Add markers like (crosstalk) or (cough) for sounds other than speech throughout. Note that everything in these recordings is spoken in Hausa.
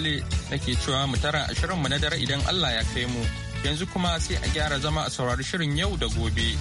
Le nake cewa mu tara shirin mu na dare idan Allah ya kai mu yanzu kuma sai a gyara zama a saurari shirin yau da gobe.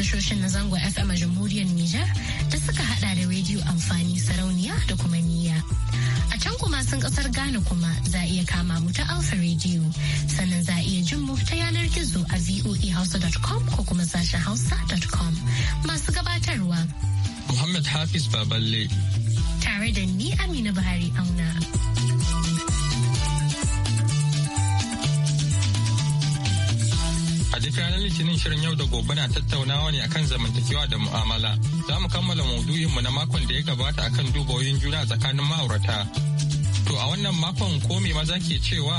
tashoshin na zango FM a jamhuriyar Nijar da suka hada da rediyo amfani sarauniya da kuma niyya. A can kuma sun kasar Ghana kuma za iya kama mu ta Alfa Radio sannan za iya jin mu ta yanar gizo a voehausa.com ko kuma sashen hausa.com masu gabatarwa. Muhammad Hafiz Baballe. Tare da ni Amina Buhari Auna. duk ranar litinin shirin yau da gobe na tattaunawa ne akan zamantakewa da mu'amala za mu kammala maudu'inmu na makon da ya gabata akan dubawoyin juna tsakanin ma'aurata to a wannan makon ko me maza ke cewa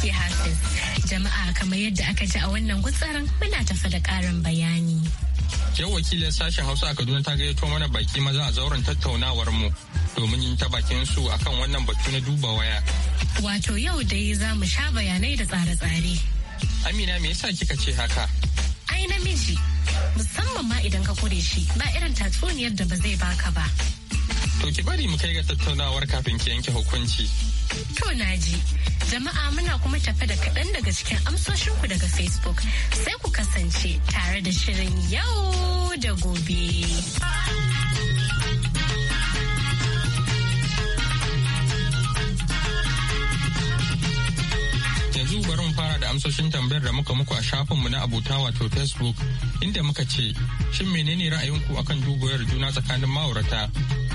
yake jama'a kamar yadda aka ji a wannan gutsarin muna tafa da ƙarin bayani Yau wakilin sashen Hausa a Kaduna ta gayyato mana baki maza a zauren tattaunawar mu domin yin ta bakin su akan wannan batu na duba waya. Wato yau dai za mu sha bayanai da tsare-tsare. Amina me yasa kika ce haka? Ai namiji musamman ma idan ka kure shi ba irin tatsuniyar da ba zai baka ba. To ki bari mu kai ga tattaunawar kafin ki yanke hukunci. To naji. Jama'a muna kuma tafe da kaɗan daga cikin amsoshinku daga Facebook sai ku kasance tare da shirin yau da gobe. yanzu bari mu fara da amsoshin tambayar da muka muku a shafinmu na abota wato facebook inda muka ce shin menene ra'ayinku akan dubuwar juna tsakanin ma'aurata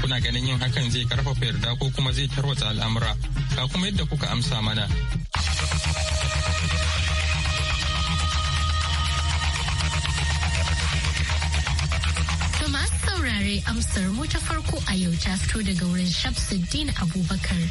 kuna ganin yin hakan zai karfafa yarda ko kuma zai tarwata al'amura ga kuma yadda kuka amsa mana saurare amsar mu ta farko a yau ta fito daga wurin Shamsuddin Abubakar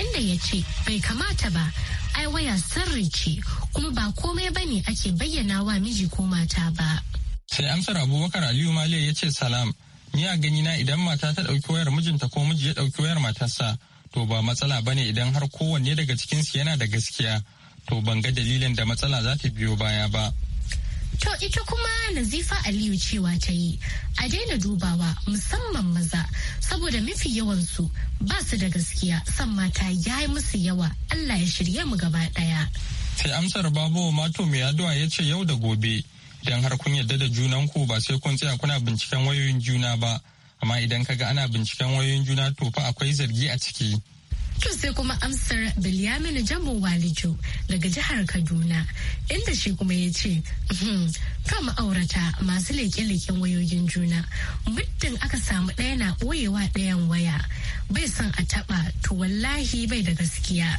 inda ya ce bai kamata ba ai waya sirri ce kuma ba komai bane ake bayyana wa miji ko mata ba. Sai amsar Abubakar Aliyu Male ya ce salam ni a gani na idan mata ta ɗauki wayar mijinta ko miji ya ɗauki wayar matarsa to ba matsala ba ne idan har kowanne daga cikinsu yana da gaskiya to ban ga dalilin da matsala za ta biyo baya ba. To ita kuma Nazifa Aliyu cewa ta yi, a daina dubawa musamman maza saboda mafi yawansu ba su da gaskiya san mata ya yi musu yawa Allah ya shirye mu gaba ɗaya. Sai amsar babu Mato Mai Yaduwa ya ce yau da gobe idan har kun yarda da junanku ba sai kun tsaya kuna binciken wayoyin juna ba amma idan ka ga ana binciken wayoyin juna to fa akwai zargi a ciki To sai kuma amsar Bilyaminu Jambo Walijo daga jihar Kaduna inda shi kuma ya ce, hmm, kan ma'aurata masu leƙe-leƙen wayoyin juna, muddin aka samu ɗaya na ɓoyewa ɗayan waya bai son a taɓa to wallahi bai da gaskiya.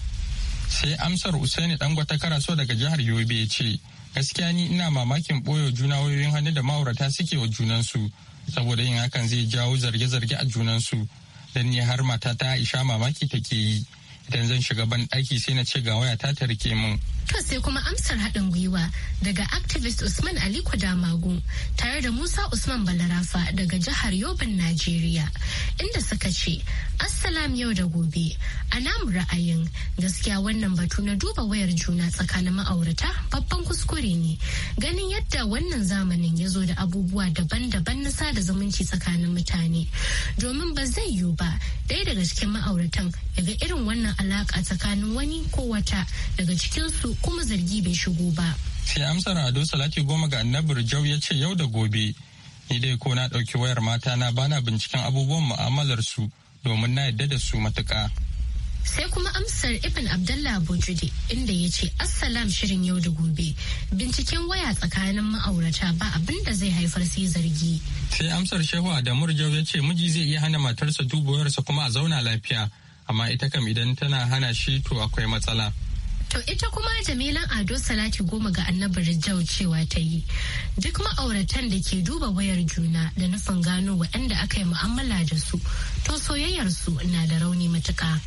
Sai amsar Usaini Dangwata gwatakara karaso daga jihar Yobe ce, gaskiya ni ina mamakin ɓoye juna wayoyin hannu da ma'aurata suke wa junansu saboda yin hakan zai jawo zarge-zarge a junansu don ne har mata ta aisha mamaki take yi idan zan shiga ban ɗaki sai na ce ga waya ta tarke min. To sai kuma amsar haɗin gwiwa daga activist Usman ali kudamagu tare da Musa Usman Balarafa daga jihar yobin Najeriya inda suka ce Assalam yau da gobe a namu ra'ayin gaskiya wannan batu na duba wayar juna tsakanin ma'aurata babban kuskure ne ganin yadda wannan zamanin ya zo da abubuwa daban-daban na sada zumunci tsakanin mutane domin ba zai yiwu ba daga cikin ma'auratan daga irin wannan alaƙa tsakanin wani ko wata daga cikinsu kuma zargi bai shigo ba. sai amsar ado salati goma ga annabar jau ya ce yau da gobe ni dai ko na ɗauki wayar mata na bana binciken abubuwan mu'amalar su domin na yadda da su matuƙa Sai kuma amsar Ibn Abdullah bujudi inda ya ce Assalam shirin yau da gobe. Binciken waya tsakanin ma'aurata ba abin da zai haifar sai zargi. Sai amsar Shehu Adamu Rijau ya ce miji zai iya hana matarsa dubuwarsa kuma a zauna lafiya. Amma ita kam idan tana hana shi to akwai matsala. To ita kuma Jamilan Ado Salati goma ga annabi Jau cewa ta yi. Duk ma'auratan da ke duba wayar juna da nufin gano waɗanda aka yi mu'amala da su, to soyayyarsu na da rauni matuƙa.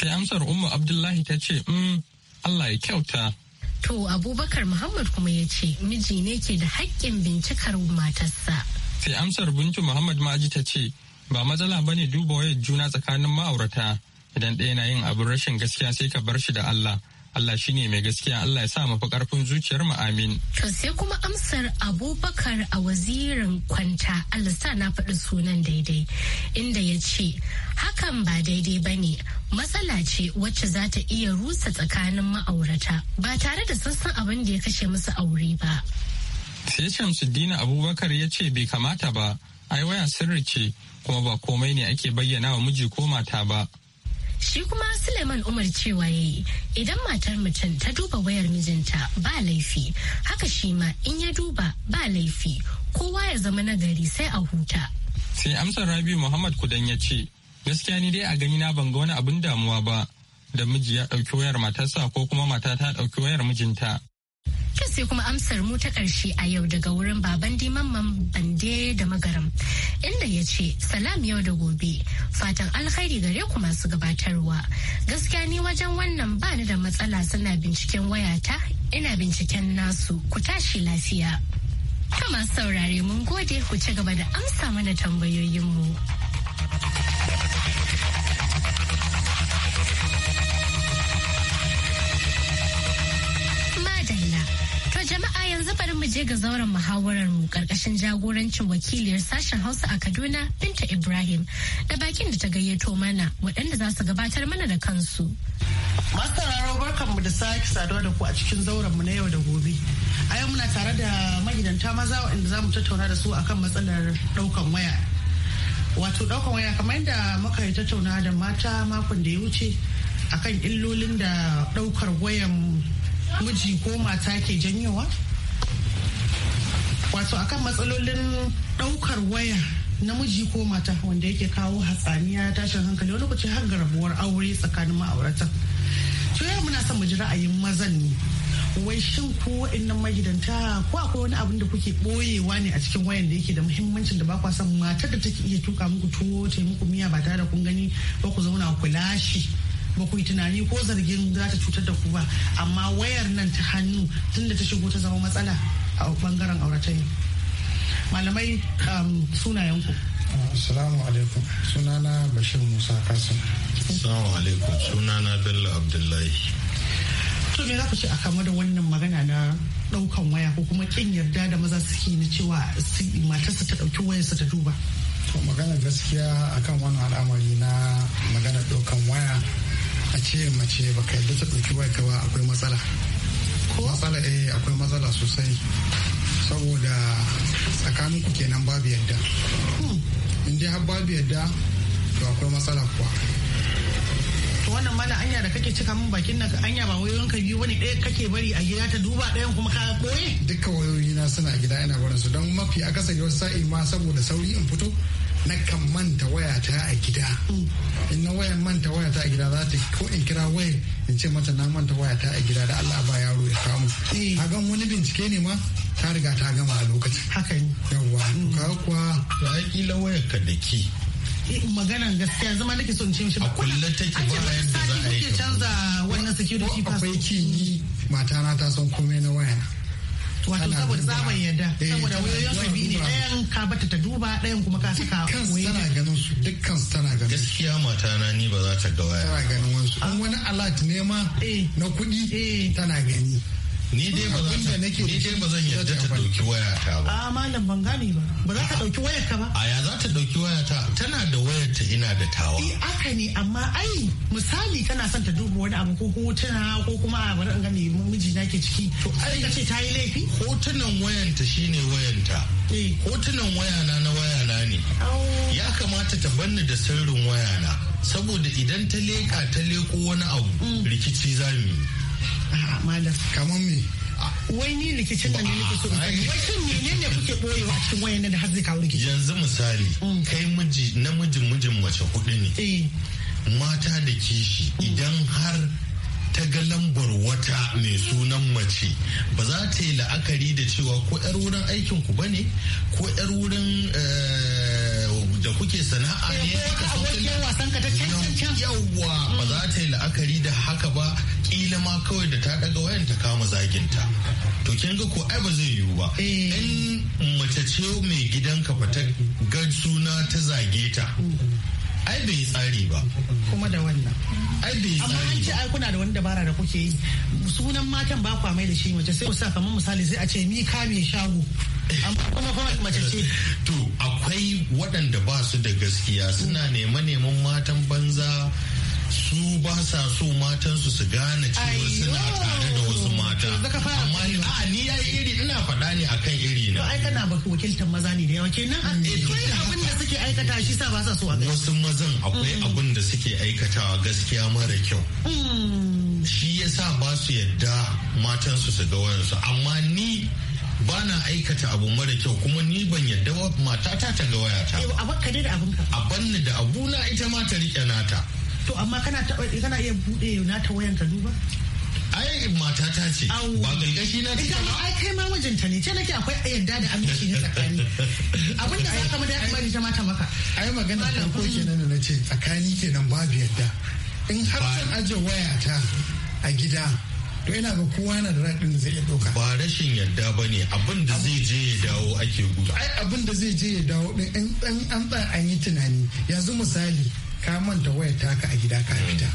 Sai amsar Umma Abdullahi ta ce, "Mm, Allah ya kyauta." To Abubakar Muhammad kuma ya ce, "Miji ne ke da haƙƙin bincikar matarsa." Sai amsar Bintu Muhammad Maji ta ce, "Ba matsala ba ne duba wayar juna tsakanin ma'aurata, idan ɗaya na yin abin rashin gaskiya sai ka bar shi da Allah." Allah shi ne mai gaskiya Allah ya sa mafi karfin zuciyar mu amin. To sai kuma amsar Abubakar a wazirin kwanta Allah sa na faɗi sunan daidai inda ya ce hakan ba daidai ba ne matsala ce wacce za ta iya rusa tsakanin ma'aurata ba tare da sassan abin da ya kashe musu aure ba. Sai Shamsuddina Abubakar ya ce bai kamata ba ai waya sirri ce kuma ba komai ne ake bayyana wa miji ko mata ba. Shi kuma Suleiman Umar cewa ya yi idan matar mutum ta duba wayar mijinta ba laifi haka shi ma in ya duba ba laifi kowa ya zama nagari sai a huta. Sai amsar Rabi Muhammad Kudan ya ce gaskiya ni dai a gani na ban ga wani abin damuwa ba da miji ya ɗauki wayar matarsa ko kuma mata ta ɗauki wayar mijinta Kin sai kuma amsar mu ta ƙarshe a yau daga wurin baban dimamman bande da magaram inda ya ce salam yau da gobe fatan alkhairi gare ku masu gabatarwa gaskiya ni wajen wannan ba ni da matsala suna binciken wayata ina binciken nasu ku tashi lafiya. Kama saurare mun gode ku ci gaba da amsa mana tambayoyinmu. yanzu bari mu je ga zauren muhawarar mu karkashin jagorancin wakiliyar sashen Hausa a Kaduna Binta Ibrahim da bakin da ta gayyato mana waɗanda za su gabatar mana da kansu. Masu barkan mu da sake saduwa da ku a cikin zauren mu na yau da gobe. A yau muna tare da magidanta maza waɗanda za mu tattauna da su akan matsalar ɗaukan waya. Wato ɗaukan waya kamar yadda muka yi tattauna da mata makon da ya wuce akan illolin da ɗaukar wayan miji ko mata ke janyowa wato akan matsalolin ɗaukar waya namiji ko mata wanda yake kawo hatsaniya tashin hankali wani kuce har rabuwar aure tsakanin ma'auratan to ya muna son mu ji ra'ayin mazan ne wai shin ku wa'annan magidanta ko akwai wani abin da kuke boyewa ne a cikin wayan da yake da muhimmancin da ba kwa son matar da take iya tuka muku tuwo ta muku miya ba tare da kun gani ba ku zauna ku lashe ba ku yi tunani ko zargin za ta cutar da ku ba amma wayar nan ta hannu tunda ta shigo ta zama matsala a bangaren auratayi malamai um, sunayenku assalamu alaikum sunana bashir musa kasim assalamu alaikum sunana bello abdullahi to me za ku ce a kama da wannan magana na daukan waya ko kuma kin yarda da maza suke na cewa su ta dauki wayarsa ta duba to magana gaskiya akan wannan al'amari na magana daukan waya a ce mace baka yarda ta dauki ka ba akwai matsala matsala eh akwai matsala sosai saboda tsakanin ku kenan babu yadda hmm. in dai har babu yadda to akwai matsala kuwa wannan mana anya da kake cika min bakin nan anya ba wayoyin ka biyu wani ɗaya kake bari a gida ta duba ɗayan kuma ka boye dukkan wayoyi na suna gida ina barin su don mafi akasari wasu sa'i ma saboda sauri in fito na kan manta wayata a gida in na wayan manta wayata a gida za ta ko in kira waya in ce mata na manta wayata a gida da Allah ba yaro ya samu eh. a gan wani bincike ne ma ta riga ta gama a lokacin haka ne yawa mm. ka kuwa ai kila waya ka da ki eh, maganan gaskiya zama nake so in ce mishi a kullum take ba yadda za a yi canza wannan security pass akwai ki mata na ta san komai na waya na. wato saboda tsaban yadda eh, saboda wayoyin su biyu ne ɗayan ka bata ta duba ɗayan kuma ka saka wayoyi tana ganin su dukkan su tana ganin gaskiya mata na ni ba za ta ga waya tana ganin wasu an wani alert ne ma eh. na kuɗi eh. tana gani ni dai ba zan ni ta dauki waya ta ba a ah, malam ban gane ba ba za ka dauki wayar ka ba a ya ta ɗauki wayata tana da wayar ta ina da tawa. Eh aka ne amma ai misali tana son ta duba wani abu ko hotuna ko kuma a bari in ga mai miji na ke ciki. To ai ka ce ta yi laifi? Hotunan wayanta shine wayanta. Eh. Hotunan wayana na wayana ne. Oh. Ya kamata ta banni da sirrin wayana. Saboda idan ta leƙa ta leƙo wani abu mm. rikici za mu yi. Malam. Kamar me? wai ni rikicin nan ne nake so ne wai shin menene kuke boyewa a cikin wayan da har zai kawo rikici yanzu misali mm. kai miji namijin mijin mace hudu ne eh. mata da kishi mm. idan har ta ga lambar wata mai sunan mace ba za ta yi la'akari da cewa ko 'yar wurin aikinku ba ne ko 'yar wurin eh, da kuke sana'a ne ka abokin ta ba za ta yi la'akari da haka ba kila ma kawai da ta daga wayan ta kama zaginta to kin ga ko ai ba zai yiwu ba eh. in mace ce mai gidanka fata ta ga suna ta zage ta ai bai tsari ba kuma da wannan ai bai tsari amma an ce ai kuna da wani dabara da kuke yi sunan matan ba kwa mai da shi mace sai ku sa kamar misali sai a ce ni ka mai shago amma kuma kuma mace ce to akwai waɗanda ba su da gaskiya suna neman neman matan banza su ba sa so matansu su gane cewa suna tare da wasu mata amma a ni ya iri ina faɗa ne akan iri na ai kana wakiltar maza ne da yawa kenan akwai mm. eh, abin da suke aikata shi sa ba sa so a wasu mazan akwai mm. abin da suke aikatawa gaskiya mara kyau mm. shi yasa ba su yadda matansu su ga wayansu amma ni ba na aikata abu mara kyau kuma ni ban yadda matata ta ga wayata. Eh, a bakka da ka. A banni da abuna ita ma ta rike nata. to amma kana kana iya bude na ta wayan ka duba ai ta ce ba karkashi na ta ma ai kai ma mijinta ne ce nake akwai yadda da aminci na tsakani abin da zaka mada kuma ita jama'a ta maka ai magana ko kenan na ce tsakani kenan babu yadda in har zan aje wayata a gida to ina ga kowa na da raɗin zai iya ɗauka. Ba rashin yadda ba ne abin da zai je ya dawo ake gudu. Ai abin da zai je ya dawo ɗin an tsaya an yi tunani yanzu misali ka manta ta ka a gida ka fita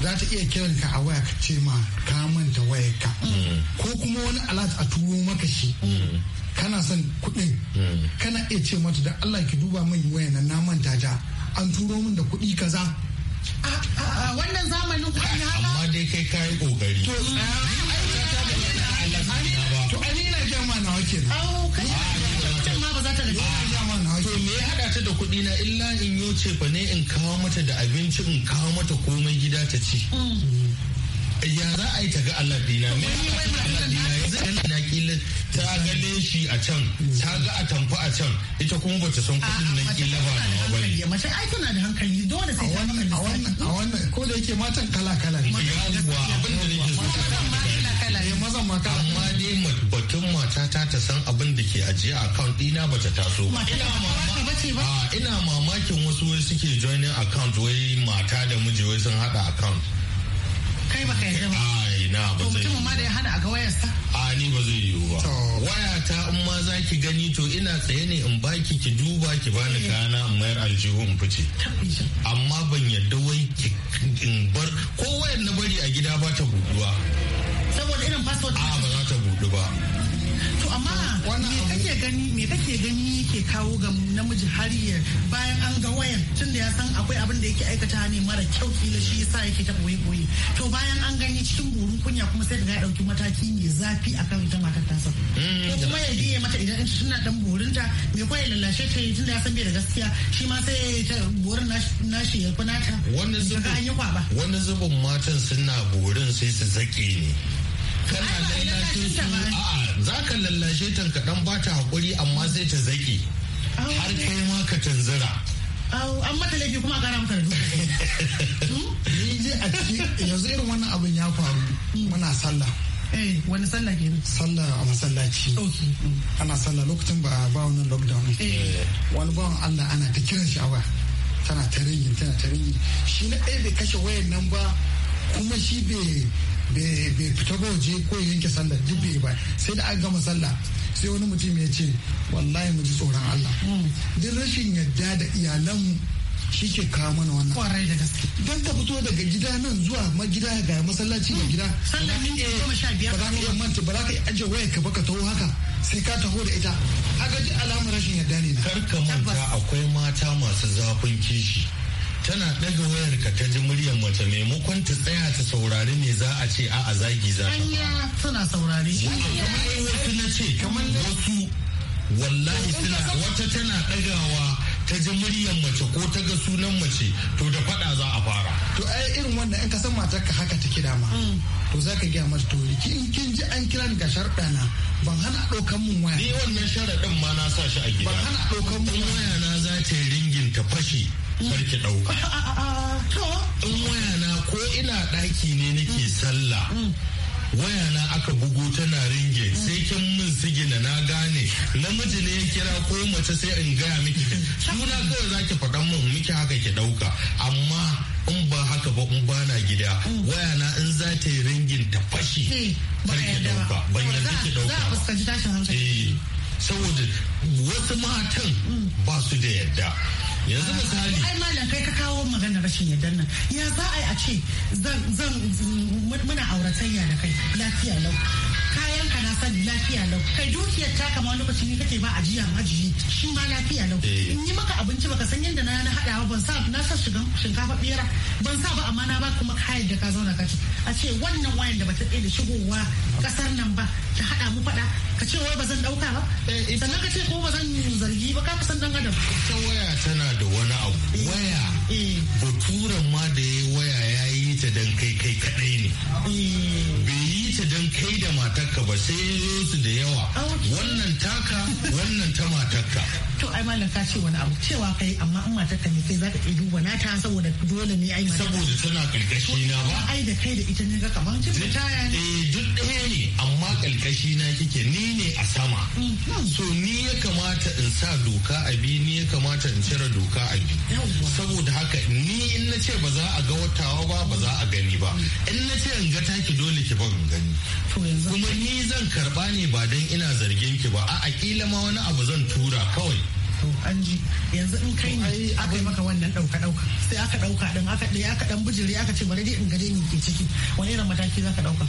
za ta iya kiran ka a waya ka ce ma ka manta wayaka ka ko kuma wani alat a turo maka shi kana son kuɗin kana iya ce mata da Allah ki duba min wayar nan na manta an turo min da kuɗi kaza wannan zamanin kuɗi haka amma dai kai kayi kokari to ai na jama'a nawa kenan za ta gaji to me ya hada ta da kuɗi na illa in yo ce fa ne in kawo mata da abinci in kawo mata komai gida ta ci ya za a yi ta ga Allah dina me Allah dina yanzu na kila ta ga leshi a can ta ga atamfa a can ita kuma bata san kuɗin nan kila ba nawa ba ne mace ai tana da hankali dole sai ta wannan a wannan ko da yake matan kala kala ne yawa abin da nake so kala kala ne eh, mazan ma kala matata ta san abin da ke ajiye a account dina ba ta taso ba. Ah, ina mamakin wasu wai suke joining account wai mata da miji wai sun hada account. Kai ba ka yarda ba. Ai na ba zai. Mutumin ma da ya hada a ga wayarsa. A ni ba zai yiwu ba. Wayata in ma za ki gani to ina tsaye ne in baki ki duba ki bani eh. kana in mayar aljihu in fice. Amma ban yarda wai ki in bar ko wayar na bari a gida ba ta buɗuwa. Saboda irin password. A ah, ba za ta buɗu ba. To amma me kake gani me kake gani ke kawo ga namiji har ya bayan an ga wayan tun da ya san akwai abin da yake aikata ne mara kyau kila shi yasa yake ta boye boye. To bayan an gani cikin burin kunya kuma sai daga ya dauki mataki mai zafi akan ita matar tasa. Mm, ko kuma ya biye mata idan tana dan burinta me ko ya lalace ta tun da ya san bai da gaskiya shi ma sai ta burin nashi ya kunata. Wannan zubin matan suna burin sai su zake ne. kana lallashe a'a za ka lallashe ta kaɗan ba ta amma zai ta zaki har kai ma ka tanzira an ta laifi kuma a kara maka da duka. yanzu irin wannan abin ya faru muna sallah Eh, wani sallah ke Sallah a masallaci. Ok. Ana sallah lokacin ba ba wani lockdown. Eh. Wani bawan Allah ana ta kiran shi Tana ta ringin tana ta ringin. Shi na ɗaya bai kashe wayan nan ba kuma shi bai bai fita ba waje ko yanke sallah duk bai ba sai da an gama sallah sai wani mutum ya ce wallahi mu ji tsoron Allah duk rashin yadda da iyalan shi ke kawo mana wannan kwarai da gaske dan ta fito daga gida nan zuwa magida ga masallaci ga gida mm. ba za ka iya manta ba za ka yi ajiye wayar ka baka taho haka sai ka taho da ita haka ji alamar rashin yadda ne kar ka manta akwai mata masu zafin kishi tana ɗaga wayar ka ta ji muryar mace maimakon ta tsaya ta saurari me za a ce a zagi za ta suna saurari wasu na ce wasu wallahi suna wata tana ɗagawa ta ji muryar mace ko ta ga sunan mace to da faɗa za a fara to ai irin wannan in ka san matar ka haka take dama mm. to za ka gaya to in kin ji an kira ni ga sharɗana ban hana ɗaukan mun waya. Ni wannan sharaɗin ma na sa shi a gida. Ban hana ɗaukan mun waya na za ta ringin ta fashi karki ɗauka. (laughs) In waya na ko ina ɗaki ne nake mm. sallah. Mm. waya na aka bugu tana ringe mm. sai kin min sigina na gane namiji ne ya kira ko mace sai in gaya miki (laughs) suna kawai ki faɗan mun miki haka ki ɗauka amma haka ba in bana gida waya na in za ta yi ringin ta fashi eh, ban ya dauka ban ya ki dauka eh, saboda wasu matan ba su da yadda yanzu ah, misali ai malam kai ka kawo magana rashin yadda nan ya za a yi a ce zan muna auratayya da kai lafiya lau kayan ka na san lafiya lau kai dukiyar ta kama wani lokaci ne kake ba ajiya majiyi shi ma lafiya lau eh. in yi maka abinci baka san yadda na na hadawa ban sa na sa shinkafa bera ban sa ba amma na ba kuma kayan da ka zauna ka ci a ce wannan wayan da bata tsaye da shigowa kasar nan ba ta hada mu fada ka ce wai ba zan dauka ba eh, sannan ka ce ko ba zan zargi ba ka san dan adam ita waya tana da wani abu eh, waya baturan ma da ya waya ya yi ta dan kai kai kadai ne ta don kai da matarka ba sai su da yawa wannan taka wannan ta matarka to ai malam ka ce wani abu cewa kai amma in matarka ne kai za ka iya duba ta saboda dole ne ai saboda tana karkashi na ba ai da kai da ita ne ga kamar cin taya ne eh duk ɗaya ne amma karkashi na kike ni ne a sama mm-hmm. so ni ya kamata in sa doka a bi ni ya kamata in cire doka a bi saboda haka ni in na ce ba za a ga watawa ba ba za a gani ba in na ce in ga taki dole ki ba gani kuma ni zan karba ne ba don ina zargin ki ba a kila ma wani abu zan tura kawai to an ji yanzu in kai ne aka yi maka wannan dauka dauka sai aka dauka din aka ɗaya aka dan bijire aka ce bari dai in gare ni ke ciki wani irin mataki za ka dauka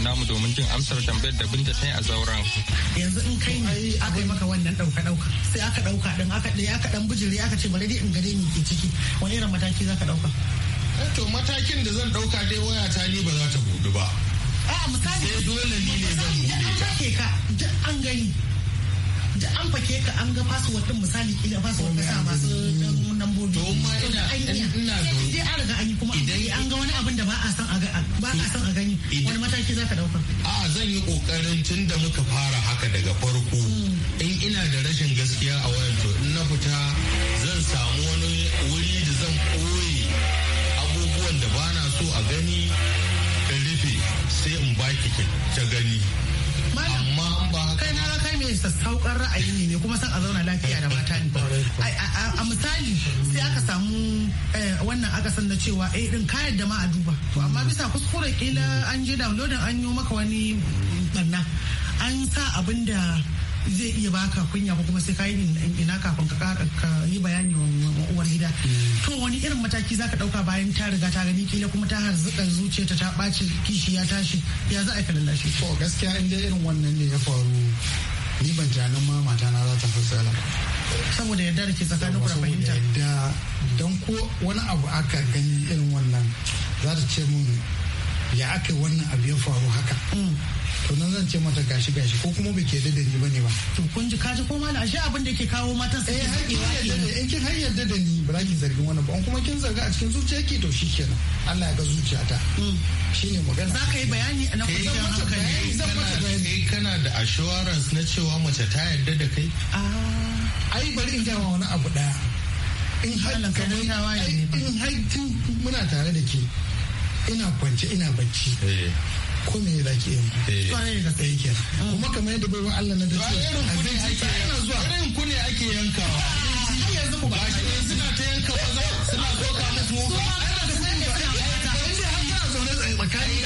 zauren namu domin jin amsar tambayar da binta ta yi a zauren. Yanzu in kai ne aka yi maka wannan ɗauka ɗauka sai aka ɗauka ɗin aka ɗaya aka ɗan bijiri aka ce bari dai in gare ni ke ciki wani irin mataki za ka ɗauka. Eh, to matakin da zan ɗauka dai waya ta ni ba za ta budu ba. A'a misali. Sai dole ni ne zan buɗe ta. ka duk an gani. da an fake ka an ga password din misali ina password ka sa masu lambobi to ma ina ina Sai an riga an yi kuma idan an ga wani abin da ba a san ba ka son a gani wani mataki za ka dauka a zan yi kokarin tun da muka fara haka daga farko hmm. in ina da rashin gaskiya a wayan to in na fita zan samu wani wuri da zan ɓoye abubuwan da bana so a gani in rufe sai in baki ta gani amma an ba kai na kai mai sassaukar ra'ayi ne kuma san a zauna lafiya da mata ne a misali sai aka samu eh, wannan aka san na cewa eh din kayan da ma a duba to amma bisa kuskure kila an je downloading an yi maka wani barna an sa abin da zai iya baka kunya ko kuma sai ka yi ina kafin ka yi bayani wa uwar gida mm. to wani irin mataki zaka dauka bayan ta riga ta gani kila kuma ta harzuka zuciyarta ta ɓaci kishi ya tashi ya za a ka lallashi to gaskiya in dai irin wannan ne ya faru ni ban nan ma mata na za ta fasala saboda yadda da ke tsakanin kura fahimta da don ko wani abu aka gani irin wannan za ta ce mun ya aka wannan abu ya faru haka mm. to nan zan ce mata gashi gashi ko kuma bai ke da ni bane ba to kun ji kaji ko malam ashe abin da ke kawo matan sai ke eh, in kin har yarda da ni ba za ki zargin wannan ba kuma kin zarga a cikin zuciya ke to kenan. Allah ya ga zuciyata mm. shine magana za ka yi bayani a na kusan mata bayani zan mata bayani kana da assurance na cewa mace ta yarda da kai ah. ai bari in gama wani abu daya in har in har muna tare da ke ina kwance ina bacci eh. ko me za ki yi tsaye ka tsaye ke kuma kamar yadda baiwa Allah na da ce a zuwa irin ku ake yankawa yanzu ku ba shi suna ta yanka suna musu ka yi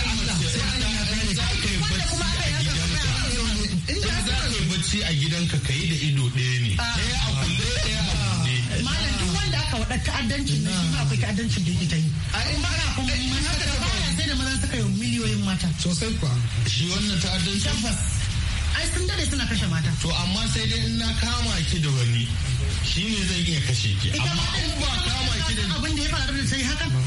a gidanka kayi da ido ɗaya ne ɗaya a kulle ɗaya malam duk wanda aka wada ta'addancin na shi ma akwai ta'addancin da yake ta yi a in ba na kuma eh, in haka da ba sai da maza suka yi miliyoyin mata sosai kuwa shi wannan ta'addancin tabbas ai sun dade suna kashe mata to amma sai dai in na kama ki da wani shi ne zai iya kashe ki amma in ba kama ki da abin da ya faru da sai haka ba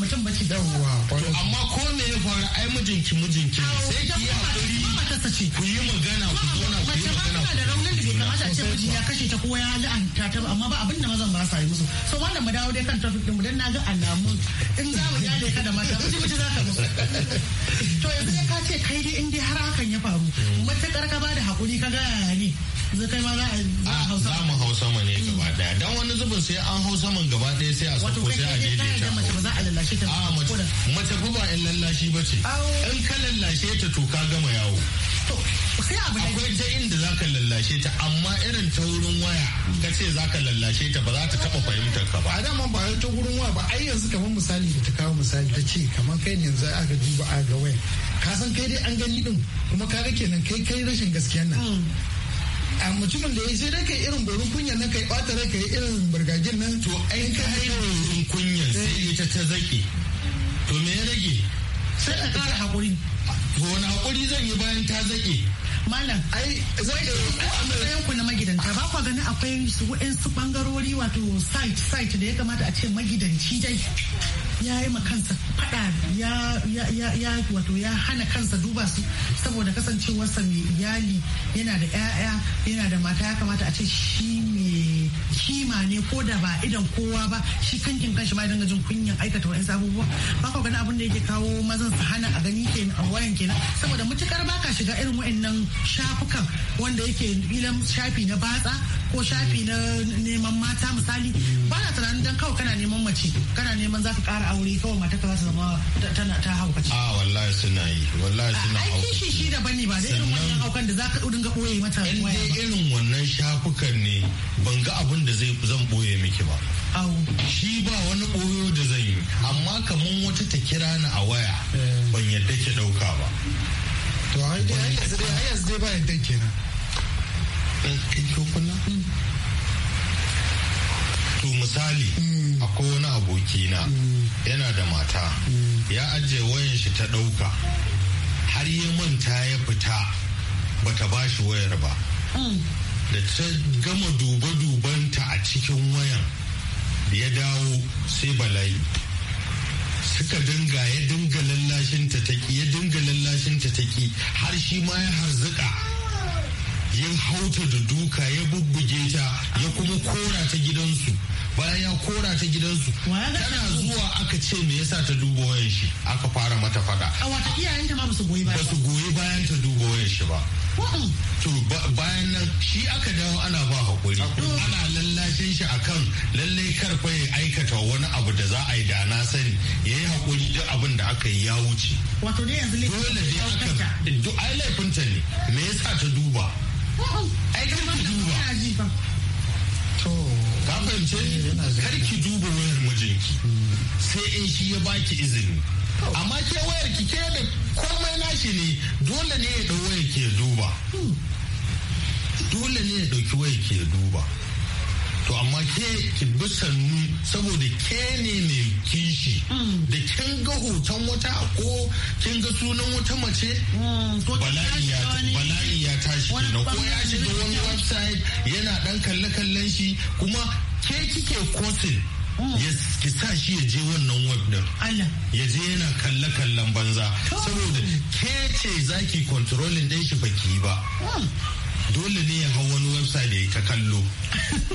mutum ba ce amma ko me ya faru ai mijinki mijinki sai ki yi hakuri ku yi magana ku zauna ku yi kamata a ce mutum ya kashe ta ko ya la'anta ta amma ba abin da mazan ba sa yi musu so wannan mu dawo dai kan topic din mu dan na ga alamun in za mu gane ka da mata muji muji za ka musu to yanzu dai ka ce kai dai in dai har hakan ya faru matakar ka ba da hakuri ka ga ne za a hausa za mu hausa mu ne gaba daya dan wani zubin sai an hausa man gaba daya sai a sako sai a daidaita mace ba za a lallashe ta ah, mace ba in lallashi ba ce in ka lallashe ta to ka gama yawo akwai ta inda zaka lallashe ta amma irin ta wurin waya ka ce zaka lallashe ta ba za ta taba fahimtar ka ba a dama ba ta wurin waya ba ai yanzu kamar misali da ta kawo misali ta ce kamar kai ne yanzu aka duba a ga waya ka san kai dai an gani din kuma ka ga kenan kai kai rashin gaskiya nan mm. a mutumin da ya sai dai kai irin borin kunya na kai bata rai kai irin burgagin nan to ai ka yi borin kunya sai eh. ita ta zake to me ya rage sai a kara hakuri to wani hakuri zan yi bayan ta zake malam ai zai matsayin na magidanta ba kwa ganin akwai su bangarori wato site site da ya kamata a ce magidanci dai ya yi ma kansa fada ya wato ya hana kansa duba su saboda kasancewarsa mai iyali yana da 'ya'ya yana da mata ya kamata a ce shi kima ne ko da ba idan kowa ba shi kankin kanshi ba dinga jin kunyan aikata wa'in abubuwa ba ka gani abin da yake kawo mazan su hana a gani kenan a wayan kenan saboda mutukar baka shiga irin wa'in nan shafukan wanda yake ilan shafi na batsa ko shafi na neman mata misali ba na tunanin dan kawai kana neman mace kana neman za ka kara aure kawai mata ka zama tana ta ce. A ah, wallahi suna yi wallahi ah, suna haukace. Ai kishi shi daban ne ba da irin wannan haukan da za ka dinga ɓoye mata waya ba. In irin wannan shafukan ne ban ga abin da zai zan ɓoye miki ba. Shi ba wani ɓoyo da zan yi amma kamar wata ta kira ni a waya eh. ban yadda ki ɗauka ba. To ai yanzu dai ba yadda nan. to misali akwai wani abokina yana da mata ya ajiye wayan shi ta ɗauka har ya manta ya fita bata ba shi wayar ba da ta gama duba-dubanta a cikin wayan ya dawo sai bala'i suka dinga ya dinga lallashinta ta ya dinga lallashin ta har shi ma ya harzuka ya hauta da duka ya bubbuge ta ya kuma kora ta gidansu bayan ya kora ta gidansu tana zuwa aka ce me yasa ta duba wayan shi aka fara mata fada a wata iyayenta ma basu goyi bayan basu goyi bayan ta duba wayan shi ba to bayan nan shi aka dawo ana ba hakuri ana lallashin shi akan lalle kar fa ya aikata wani abu da za a yi da na sani yayi hakuri duk abin da aka yi ya wuce wato dai yanzu laifin dole dai aka duk ai ta ne me yasa ta duba ka kar ki duba wayar mijinki sai in shi ya baki izini amma ke wayar ki ke da komai nashi ne dole ne ya dau wayar ke duba dole ne ya dauki wayar ke duba to amma ke ki bi sannu saboda ke ne mai kishi mm. da kin ga hoton wata ko kin ga sunan wata mace mm, bala'i ya tashi na ko ya shiga wani website yana dan kalle-kallen shi kuma ke kike kosin mm. ki sa shi ya je wannan web ya je yana kalle kallon banza saboda ke ce zaki controlling din shi baki ba dole ne ya hau wani website ya ta kallo ko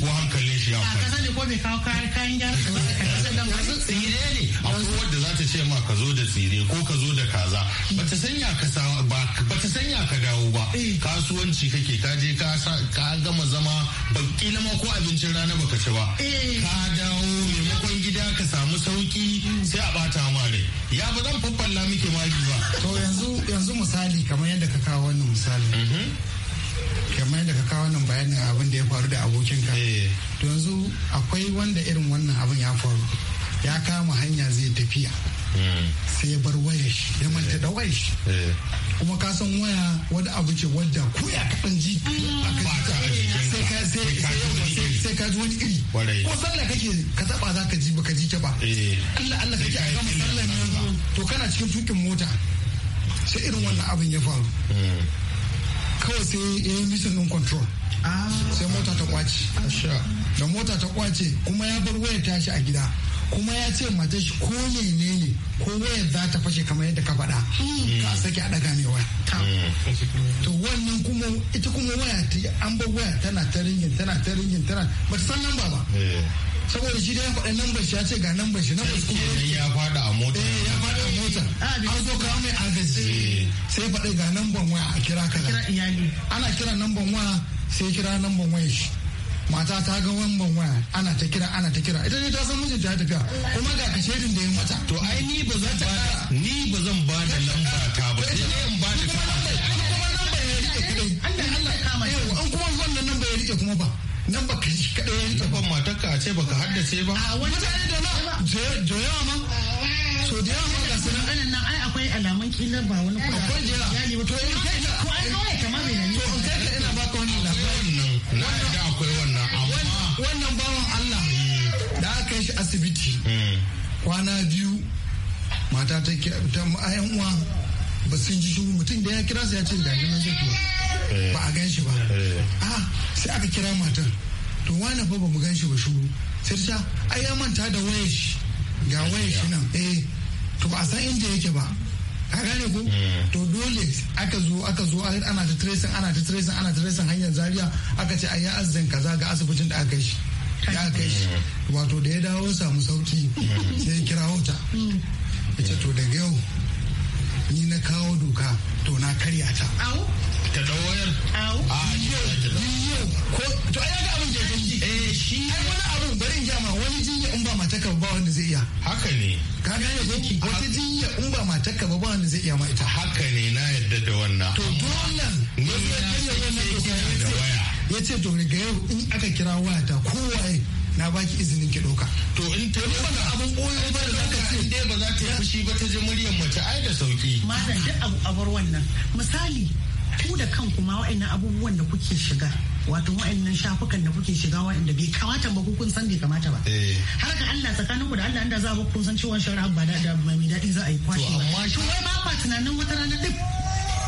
hankali shi ya faru. ka sani ko me kawo kayan gyara ka ka tsire ne akwai wanda za ta ce ma ka zo da tsire ko ka zo da kaza bata sanya ka ba bata sanya ka dawo ba eh. kasuwanci kake ka je ka gama zama baki na ko abincin rana baka ci ba eh. ka dawo maimakon gida ka samu sauki sai a bata ma rai ya ba zan faffalla miki magi ba to yanzu yanzu misali kamar yadda ka kawo wannan misali mhm. kamar yadda ka kawo wannan bayanin abin da ya faru da abokinka eh. to yanzu akwai wanda irin wannan abin ya faru ya kama hanya zai tafiya hmm. sai ya bar wayar shi ya manta da wayar shi eh. kuma ka san waya wani abu ce wadda ko ya kaɗan ji sai ka ji wani iri ko sallah kake ka taba za ka ji ka ji ta ba eh. Allah Allah kake a gama sallah to kana cikin tukin mota sai irin wannan abin ya faru hmm. kawai sai ya yi misin control sai mota ta kwace da mota ta kwace kuma ya bar wayar tashi a gida kuma ya ce mata shi ko ne ne ne ko wayar za ta fashe kamar yadda ka faɗa ka sake a ɗaga ne waya to wannan kuma ita kuma waya an bar waya tana ta ringin tana ta ringin tana ba ta san lamba ba saboda shi dai ya faɗa nan shi ya ce ga nan shi nan bashi kuma ya faɗa a mota eh, ya faɗa a mota ah, an zo kawo mai agaji eh. sai faɗa ga nan waya a kira kaza kira iyali ana kira nan waya sai kira nan waya shi mata ta ga ban waya ana ta kira ana ta kira ita ne ta san mijinta ya tafiya kuma ga ka shaidin da ya mata to ai ni ba zan ba ni ba zan ba da lamba ta ba sai ne ba da ta kuma lamba ya rike kadai Allah Allah kama yau an kuma wannan lamba ya rike kuma ba nan baka ji kaɗai tsafan matarka a ce baka haddace ba mutane da da yawa ma so da yawa ma ga su nan nan ai akwai alamun kila ba wani kuma akwai da yawa to in kai ko ai kawai kamar bai nan to kai ka ina baka wani labarin nan na da akwai wannan amma wannan bawan Allah hmm. da aka yi shi asibiti hmm. kwana biyu mata ta ta ma'ayan uwa ba sun ji shugu mutum da ya kira su ya ce da nan zai eh. ba a gan shi ba eh. a ah, sai aka kira matar to wani fa ba mu gan shi ba shuru sai ta ai ya manta da wayar shi ga wayar shi nan eh to ba a san inda yake ba ka gane ko mm. to dole aka zo aka zo ana ta tracing ana ta tracing ana ta tracing hanyar zaria aka ce ai ya azzan kaza ga asibitin da aka shi ya kai shi mm. wato da ya dawo samu sauki mm. sai kira wata ita to daga yau ni na kawo doka to na karya ta ta da wayar a jiyo. ko to ai ga abin da ya yi eh shi ai wani abin bari in ma wani jinya in ba mataka ba wanda zai iya haka ne ka zo ki wata jinya in ba mataka ba ba wanda zai iya ma ita haka ne na yadda da wannan to dole ne ya karya wannan da waya yace to ga yau in aka kira waya ta ya na baki izinin ki ɗauka. To in ta ruwa da abin koyo ba da zaka ce in dai ba za ta yi fushi ba ta je muryar mace ai da sauki. Malam duk abu a wannan misali ku da kanku ma wa'annan abubuwan da kuke shiga wato wa'annan shafukan da kuke shiga wa'anda bai kamata ba kun san bai kamata ba. Eh. Har ka Allah tsakanin ku da Allah inda za ku kun san cewa shari'a ba da mai daɗi za a yi kwashi ba. To wai ba tunanin wata ranar duk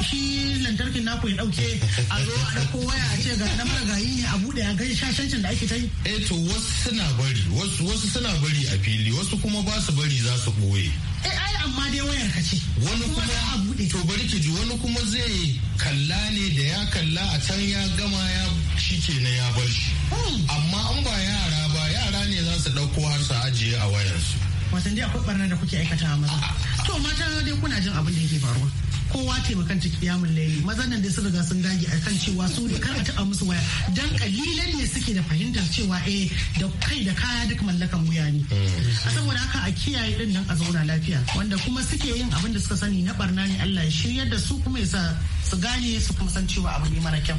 shi lantarkin naku ya dauke a zo a dauko waya a ce ga na maragayi ne a bude a gani shashancin da ake ta yi. eh to wasu suna bari wasu suna bari a fili wasu kuma ba su bari za su boye. eh ai amma dai wayar ka ce. wani kuma a bude. to bari ki ji wani kuma zai kalla ne da ya kalla a can ya gama ya shike na ya bar shi. Hmm. amma an ba yara ba yara ne za su dauko har su ajiye a wayarsu. wasan dai akwai barnar da kuke aikata a maza. to mata dai kuna jin abin da yake faruwa. kowa taimakan ciki kiyamun laili mazan nan dai sun riga sun dage kan cewa su kar a taɓa musu waya dan kalilan ne suke da fahimtar cewa eh da kai da kaya duk mallakan wuya ne a saboda haka a kiyaye din nan a zauna lafiya wanda kuma suke yin abin da suka sani na barna ne Allah ya shirya da su kuma ya sa su gane su kuma san cewa abu ne mara kyau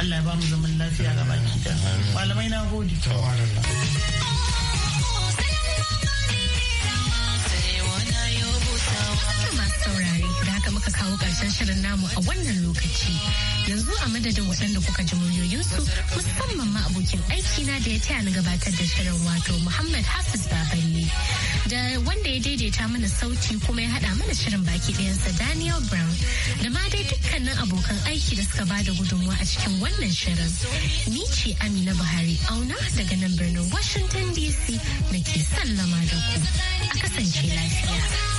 Allah ya ba mu zaman lafiya ga baki da malamai na gode kawo ƙarshen shirin namu a wannan lokaci. Yanzu a madadin waɗanda kuka ji muryoyinsu musamman ma abokin aiki na da ya taya ni gabatar da shirin wato Muhammad Hafiz Babanni. Da wanda ya daidaita mana sauti kuma ya haɗa mana shirin baki ɗayansa Daniel Brown. Da ma dai dukkanin abokan aiki da suka bada gudunmawa a cikin wannan shirin. Ni ce Amina Buhari auna daga nan birnin Washington DC da ke sallama da ku. A kasance lafiya.